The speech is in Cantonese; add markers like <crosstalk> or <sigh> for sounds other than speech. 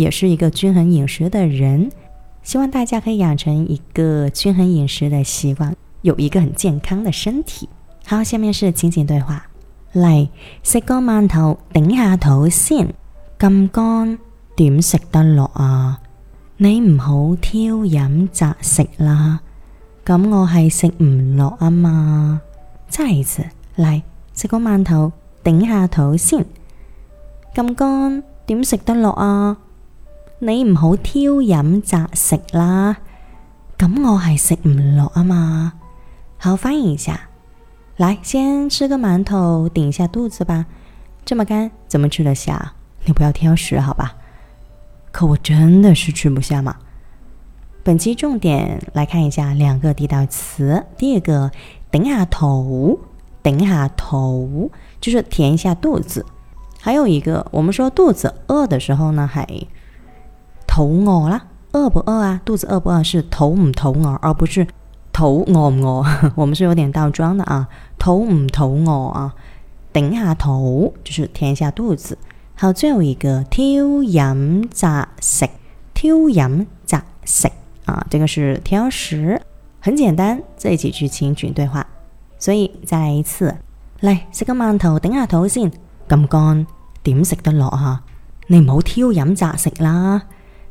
也是一個均衡飲食的人，希望大家可以養成一個均衡飲食的習慣，有一個很健康的身體。好，下面是情景對話：嚟食個饅頭頂下肚先，咁乾點食得落啊？你唔好揀飲擇食啦，咁我係食唔落啊嘛。真係嚟食個饅頭頂下肚先，咁乾點食得落啊？你唔好揀飲擇食啦，咁我係食唔落啊嘛。好，翻譯一下，嚟先吃個饅頭頂一下肚子吧。這麼乾，怎麼吃得下？你不要挑食，好吧？可我真的是吃不下嘛。本期重點來看一下兩個地道詞，第二個頂下肚，頂下肚就是填一下肚子。還有一個，我們說肚子餓的時候呢，還。肚餓啦？餓不餓啊？肚子餓不餓、啊、是肚唔肚餓，而不是肚餓唔餓。 <laughs> 我們是有點倒裝的啊，肚唔肚餓啊，頂下肚就是填下肚子。好，最後一個揀飲擇食，揀飲擇食啊，這個是挑食，很簡單。這一幾句情景對話，所以再來一次，來食個饅頭頂下肚先，咁乾，點食得落啊？你唔好揀飲擇食啦。